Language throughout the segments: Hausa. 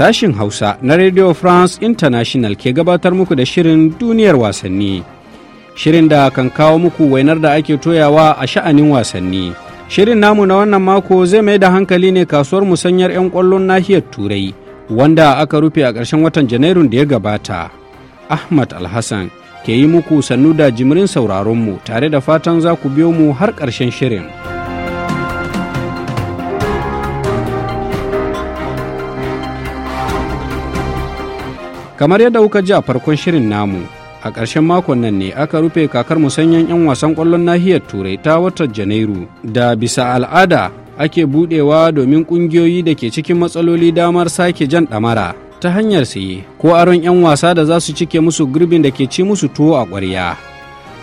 Sashin Hausa na Radio France International ke gabatar muku da shirin duniyar wasanni. Shirin da kan kawo muku wainar da ake toyawa a sha'anin wasanni. Shirin namu na wannan mako zai mai da hankali ne kasuwar musanyar 'yan kwallon nahiyar Turai, wanda aka rufe a ƙarshen watan Janairun da ya gabata. Ahmad Alhassan ke yi muku sannu da jimirin sauraronmu tare da fatan za ku biyo mu har ƙarshen shirin. kamar yadda kuka ji a farkon shirin namu a ƙarshen makon nan ne aka rufe kakar musanyen 'yan wasan ƙwallon nahiyar turai ta watan janairu da bisa al'ada ake budewa domin ƙungiyoyi da ke cikin matsaloli damar sake jan ɗamara ta hanyar saye ko aron 'yan wasa da za su cike musu gurbin da ke ci musu tuwo a ƙwarya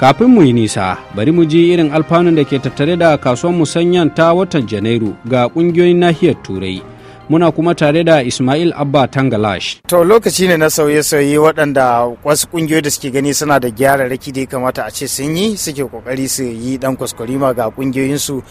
kafin mu yi nisa bari mu ji irin alfanun da ke tattare da kasuwar musanyen ta watan janairu ga ƙungiyoyin nahiyar turai muna kuma tare da Ismail Abba Tangalash. To lokaci ne na sauye-sauye waɗanda wasu ƙungiyoyi da suke gani suna da gyara raki da ya kamata a ce sun yi suke ƙoƙari su yi ɗan ma ga ƙungiyoyinsu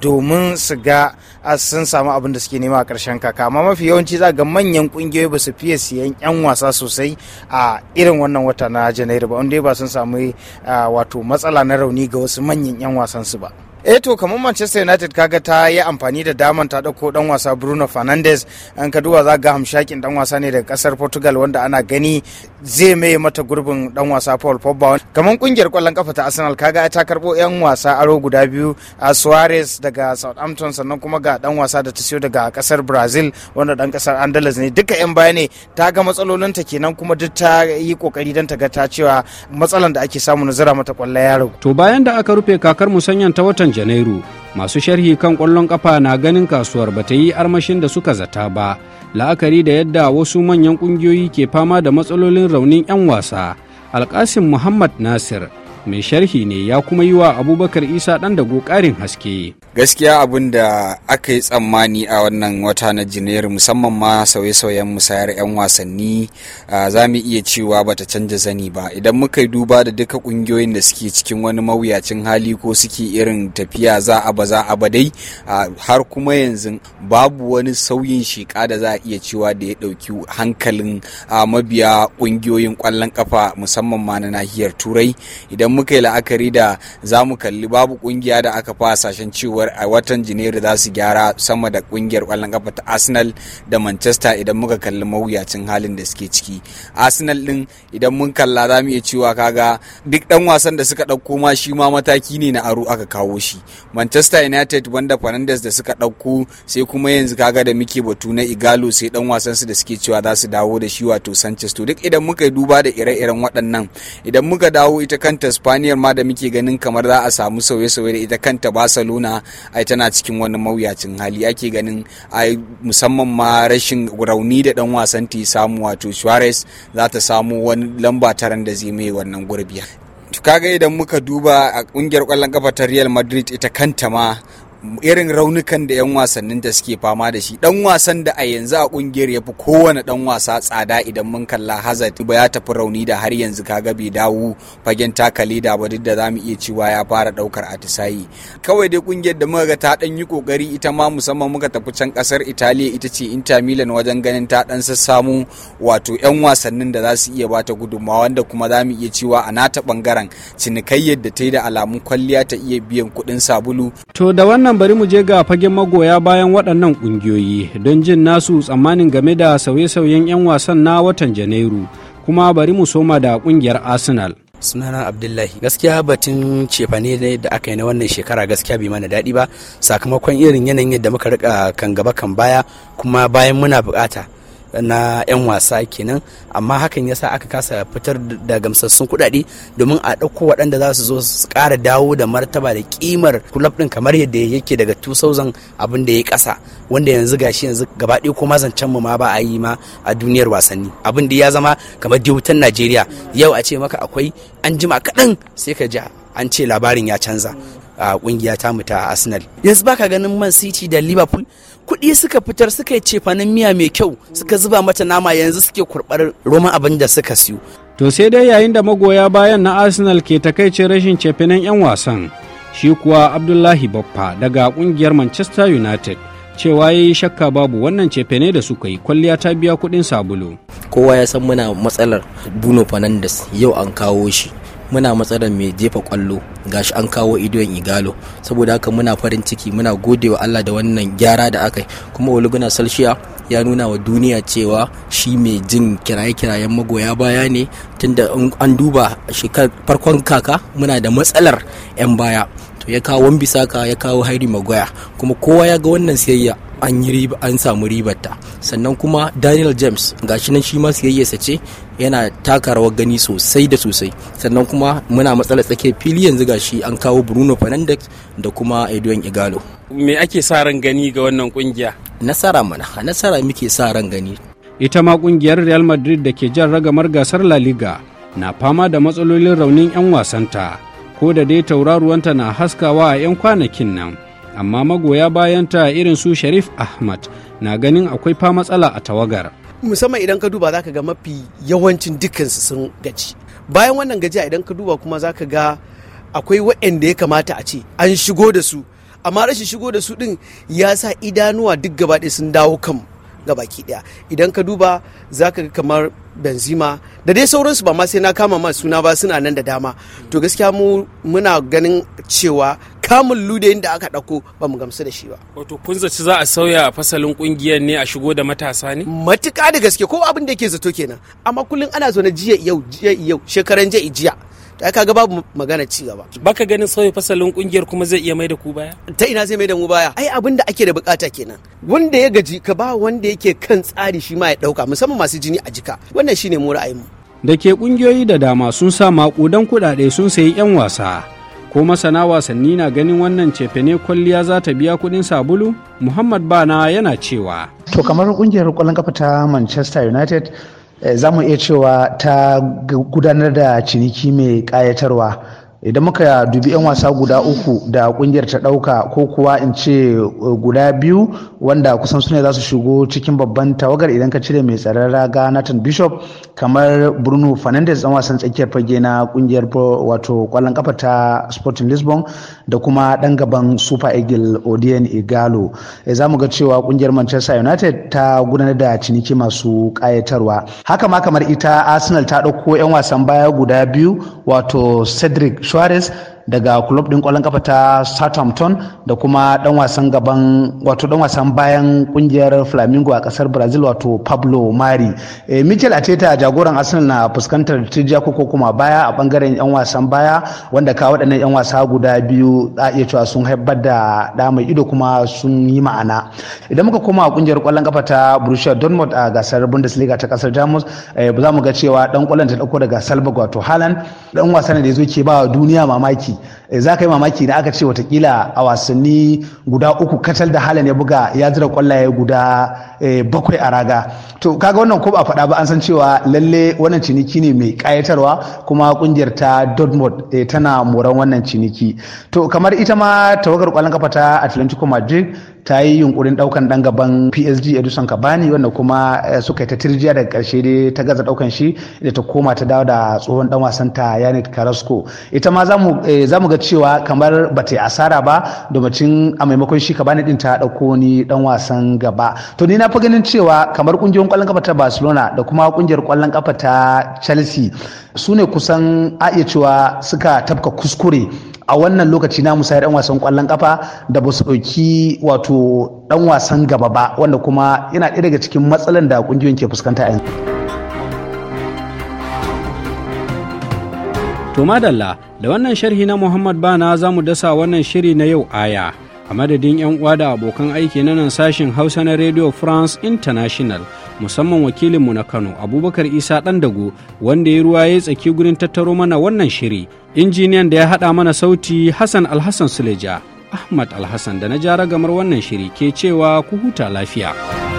domin su ga sun samu abin da suke nema a ƙarshen kaka. Amma mafi yawanci za ga manyan ƙungiyoyi ba su fiye siyan 'yan wasa sosai a irin wannan wata na Janairu ba, wanda ba sun samu wato matsala na rauni ga wasu manyan 'yan wasan su ba. eh to kamar manchester united kaga ta yi amfani da daman ta dauko dan wasa bruno fernandes an ka za ga hamshakin dan wasa ne daga kasar portugal wanda ana gani zai mai mata gurbin dan wasa paul pogba kamar kungiyar kwallon kafa ta arsenal kaga ta karbo yan wasa aro guda biyu a suarez daga southampton sannan kuma ga dan wasa da ta siyo daga kasar brazil wanda dan kasar andalus ne duka yan baya ne ta ga matsalolin ta kenan kuma duk ta yi kokari dan ta ga ta cewa matsalan da ake samu nazara mata kwallon yaro to bayan da aka rufe kakar musanyan ta watan janairu masu sharhi kan ƙwallon ƙafa na ganin kasuwar ba ta yi armashin da suka zata ba la'akari da yadda wasu manyan ƙungiyoyi ke fama da matsalolin raunin 'yan wasa alƙasim muhammad nasir mai sharhi ne ya kuma yi wa abubakar isa dan dago karin haske gaskiya abin da aka yi tsammani a wannan wata na janairu musamman ma sauye-sauyen musayar 'yan wasanni za mu iya cewa bata canza zani ba idan muka yi duba da duka kungiyoyin da suke cikin wani mawuyacin hali ko suke irin tafiya za a ba za a ba dai har kuma yanzu babu wani sauyin shiƙa da za a iya cewa da ya ɗauki hankalin mabiya kungiyoyin kwallon kafa musamman ma na nahiyar turai idan idan muka yi la'akari da za mu kalli babu kungiya da aka fa sashen cewar a watan janairu za su gyara sama da kungiyar kwallon kafa ta arsenal da manchester idan muka kalli mawuyacin halin da suke ciki arsenal din idan mun kalla za mu iya cewa kaga duk dan wasan da suka ɗauko ma shi ma mataki ne na aro aka kawo shi manchester united wanda fernandes da suka ɗauko sai kuma yanzu kaga da muke batu na igalo sai dan wasan su da suke cewa za su dawo da shi wato sanchez to duk idan muka duba da ire-iren waɗannan idan muka dawo ita kanta ispaniyar ma da muke ganin kamar za a samu sauye-sauye da ita kanta barcelona ai tana cikin wani mawuyacin hali ake ganin ai musamman ma rashin rauni da dan wasan ta samu wato suarez za ta samu wani lamba taran da zai mai wannan gurbi kaga idan muka duba a kungiyar kwallon kafa ta real madrid ita kanta ma irin raunukan da 'yan wasannin da suke fama da shi dan wasan da a yanzu a kungiyar ya fi kowane dan wasa tsada idan mun kalla hazard ba ya tafi rauni da har yanzu kaga bai dawo fagen takali da ba duk da zamu iya cewa ya fara daukar atisayi kawai dai kungiyar da muka ga ta dan yi kokari ita ma musamman muka tafi can kasar Italiya ita ce Inter Milan wajen ganin ta dan sassamu wato 'yan wasannin da za su iya bata gudunmawa wanda kuma zamu iya cewa a nata bangaren cinikayyar da ta yi da alamun kwalliya ta iya biyan kuɗin sabulu to da wannan nan bari mu je ga fagen magoya bayan waɗannan ƙungiyoyi don jin nasu tsammanin game da sauye-sauyen 'yan wasan na watan Janairu, kuma bari mu soma da ƙungiyar Arsenal. sunana abdullahi gaskiya batun cefane ne da aka yi na wannan shekara gaskiya bai mana daɗi ba sakamakon irin yanayin yadda muka rika kan gaba kan baya kuma bayan muna bukata na 'yan wasa kenan amma hakan yasa aka kasa fitar da gamsassun kuɗaɗe domin a ɗauko waɗanda za su zo su kara dawo da martaba da ƙimar kulab ɗin kamar yadda yake daga 2000 abin da ya ƙasa wanda yanzu gashi yanzu gaba ɗaya ko zancen mu ma ba a yi ma a duniyar wasanni abin da ya zama kamar diwutan Najeriya yau a ce maka akwai an jima kaɗan sai ka ji an ce labarin ya canza a kungiya ta mu ta Arsenal yanzu baka ganin Man City da Liverpool kuɗi suka fitar suka yi cefanen miya mai kyau suka zuba mata nama yanzu suke kurɓar roman abin da suka siyo to sai dai yayin da magoya bayan na Arsenal ke takaice rashin cefanen 'yan wasan shi kuwa Abdullahi Baffa daga kungiyar Manchester United cewa ya yi shakka babu wannan cefane da suka yi kwalliya ta biya kuɗin sabulu. Kowa ya san muna matsalar Bruno Fernandes yau an kawo shi muna matsalar mai jefa kwallo shi an kawo idiyon igalo saboda haka muna farin ciki muna gode wa Allah da wannan gyara da aka yi kuma oluguna salshiya ya nuna wa duniya cewa shi mai jin kiraye-kirayen magoya baya ne tunda an duba shekar farkon kaka muna da matsalar 'yan baya to ya kawo wan bisaka ya kawo hairi magoya kuma kowa ya ga wannan siyayya an yi riba an samu ribarta sannan kuma daniel james gashi nan shi ma siyayyarsa ce yana taka rawar gani sosai da sosai sannan kuma muna matsalar tsakiyar fili yanzu gashi an kawo bruno fernandes da kuma edwin igalo me ake sa ran gani ga wannan kungiya nasara mana nasara muke sa ran gani ita ma kungiyar real madrid da ke jan ragamar gasar la liga na fama da matsalolin raunin 'yan wasanta ko da dai tauraruwanta na haskawa a 'yan kwanakin nan amma magoya bayanta irin su sharif ahmad na ganin akwai fa matsala a tawagar musamman idan ka duba zaka ga mafi yawancin dukkansu sun gaji bayan wannan gajiya idan ka duba kuma zaka ga akwai waɗanda ya kamata a ce an shigo da su amma rashin shigo da su din ya sa idanuwa duk gaba sun dawo kan ga baki daya idan ka duba za ka kamar benzima da dai sauransu ba ma sai na kama ma suna ba suna nan da dama to gaskiya mu muna ganin cewa kamun lude da aka dauko ba mu gamsu da shi ba. Wato kun zaci za a sauya a fasalin kungiyar ne a shigo da matasa ne? matuka da gaske ko abin da yake zato kenan amma kullum ana zo na jiya yau jiya yau shekaran jiya jiya da kaga babu magana ci gaba baka ganin sauyi fasalin kungiyar kuma zai iya mai da ku baya ta ina zai mai da mu baya ai abin da ake da bukata kenan wanda ya gaji ka ba wanda yake kan tsari shi ma ya dauka musamman masu jini a jika wannan shine mu ra'ayin mu da ke kungiyoyi da dama sun sa makudan kudade sun sayi yan wasa ko masana wasanni na ganin wannan cefene kwalliya za ta biya kuɗin sabulu muhammad bana yana cewa to kamar kungiyar kwallon kafa ta manchester united Eh, za mu iya cewa ta gudanar da ciniki mai kayatarwa. idan muka dubi 'yan wasa guda uku da kungiyar ta dauka ko kuwa in ce eh, guda biyu wanda kusan su ne za su shigo cikin babban tawagar idan ka cire mai tsaron raga nathan bishop kamar bruno fernandes dan wasan tsakiyar fage na kungiyar wato kwallon kafa ta sporting lisbon da kuma dan gaban super eagle odian igalo eh, za mu ga cewa kungiyar manchester united ta gudanar da ciniki masu kayatarwa haka ma kamar ita arsenal ta dauko 'yan wasan baya guda biyu wato cedric Suarez daga club din kwallon kafa ta Southampton da kuma dan wasan gaban wato dan wasan bayan kungiyar Flamingo a kasar Brazil wato Pablo Mari. E, Mikel Ateta jagoran Arsenal na fuskantar tijja ko kuma baya a bangaren yan wasan baya wanda ka waɗannan yan wasa guda biyu a iya cewa sun haifar da da mai ido kuma sun yi ma'ana. idan muka koma a kungiyar kwallon kafa ta Borussia Dortmund a gasar Bundesliga ta kasar Jamus eh, za mu ga cewa dan kwallon ta dauko daga Salzburg wato Haaland dan wasan da yazo ke ba duniya mamaki eh, za ka yi mamaki da aka ce watakila a wasanni guda uku katal da Haaland ya buga ya zira kwallaye guda eh, bakwai a raga to kaga wannan ko ba faɗa ba an san cewa lalle wannan ciniki ne mai ƙayatarwa kuma kungiyar ta dortmund tana moran wannan ciniki to kamar ita ma tawagar kwallon kafa ta atlantico madrid ta yi yunkurin daukan dan gaban PSG Edison Cavani wanda kuma eh, suka yi ta tirjiya daga karshe dai ta gaza daukan shi da ta koma ta dawo da tsohon dan wasan ta Yannick Carrasco ita ma eh, za mu ga cewa kamar ba ta yi asara ba domin a maimakon shi Cavani din ta dauko ni dan wasan gaba to ni na fi ganin cewa kamar kungiyoyin kwallon kafa ta Barcelona da kuma kungiyar kwallon kafa ta Chelsea su ne kusan a iya cewa suka tafka kuskure a wannan lokaci na musayar 'yan wasan kwallon kafa da ba su ɗauki wato ɗan wasan gaba ba wanda kuma yana ɗaya daga cikin matsalan da kungiyoyin ke fuskanta yanzu. To madalla da wannan sharhi na Muhammad Bana za mu dasa wannan shiri na yau aya a madadin 'yan uwa da abokan aiki na nan sashin Hausa na Radio France International. musamman wakilinmu na Kano Abubakar Isa dago wanda ya ruwa ya tsaki gurin tattaro mana wannan shiri. Injiniyan da ya haɗa mana sauti Hassan Alhassan Suleja, Ahmad Alhassan da na jara gamar wannan shiri ke cewa ku huta lafiya.